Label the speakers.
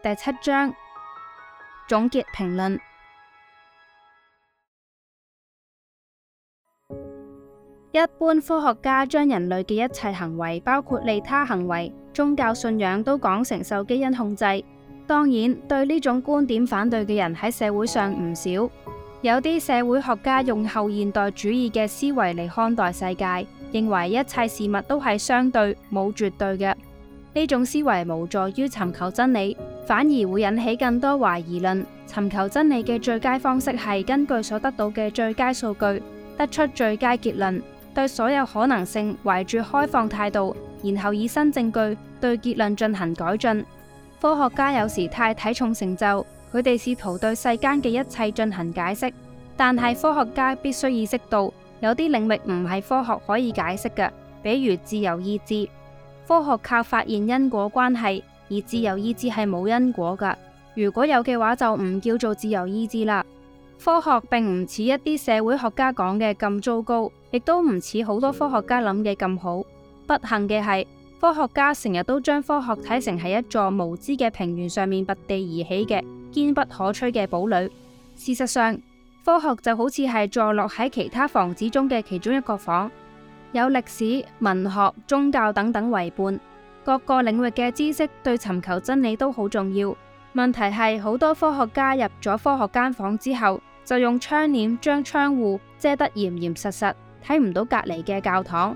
Speaker 1: 第七章總結評論。
Speaker 2: 一般科學家將人類嘅一切行為，包括利他行為、宗教信仰，都講成受基因控制。當然，對呢種觀點反對嘅人喺社會上唔少。有啲社會學家用後現代主義嘅思維嚟看待世界，認為一切事物都係相對冇絕對嘅。呢種思維無助於尋求真理。反而會引起更多懷疑論。尋求真理嘅最佳方式係根據所得到嘅最佳數據得出最佳結論，對所有可能性懷住開放態度，然後以新證據對結論進行改進。科學家有時太睇重成就，佢哋試圖對世間嘅一切進行解釋，但係科學家必須意識到有啲領域唔係科學可以解釋嘅，比如自由意志。科學靠發現因果關係。而自由意志係冇因果噶，如果有嘅話就唔叫做自由意志啦。科學並唔似一啲社會學家講嘅咁糟糕，亦都唔似好多科學家諗嘅咁好。不幸嘅係，科學家成日都將科學睇成係一座無知嘅平原上面拔地而起嘅堅不可摧嘅堡壘。事實上，科學就好似係坐落喺其他房子中嘅其中一個房，有歷史、文學、宗教等等為伴。各個領域嘅知識對尋求真理都好重要。問題係好多科學家入咗科學間房之後，就用窗簾將窗戶遮得嚴嚴實實，睇唔到隔籬嘅教堂。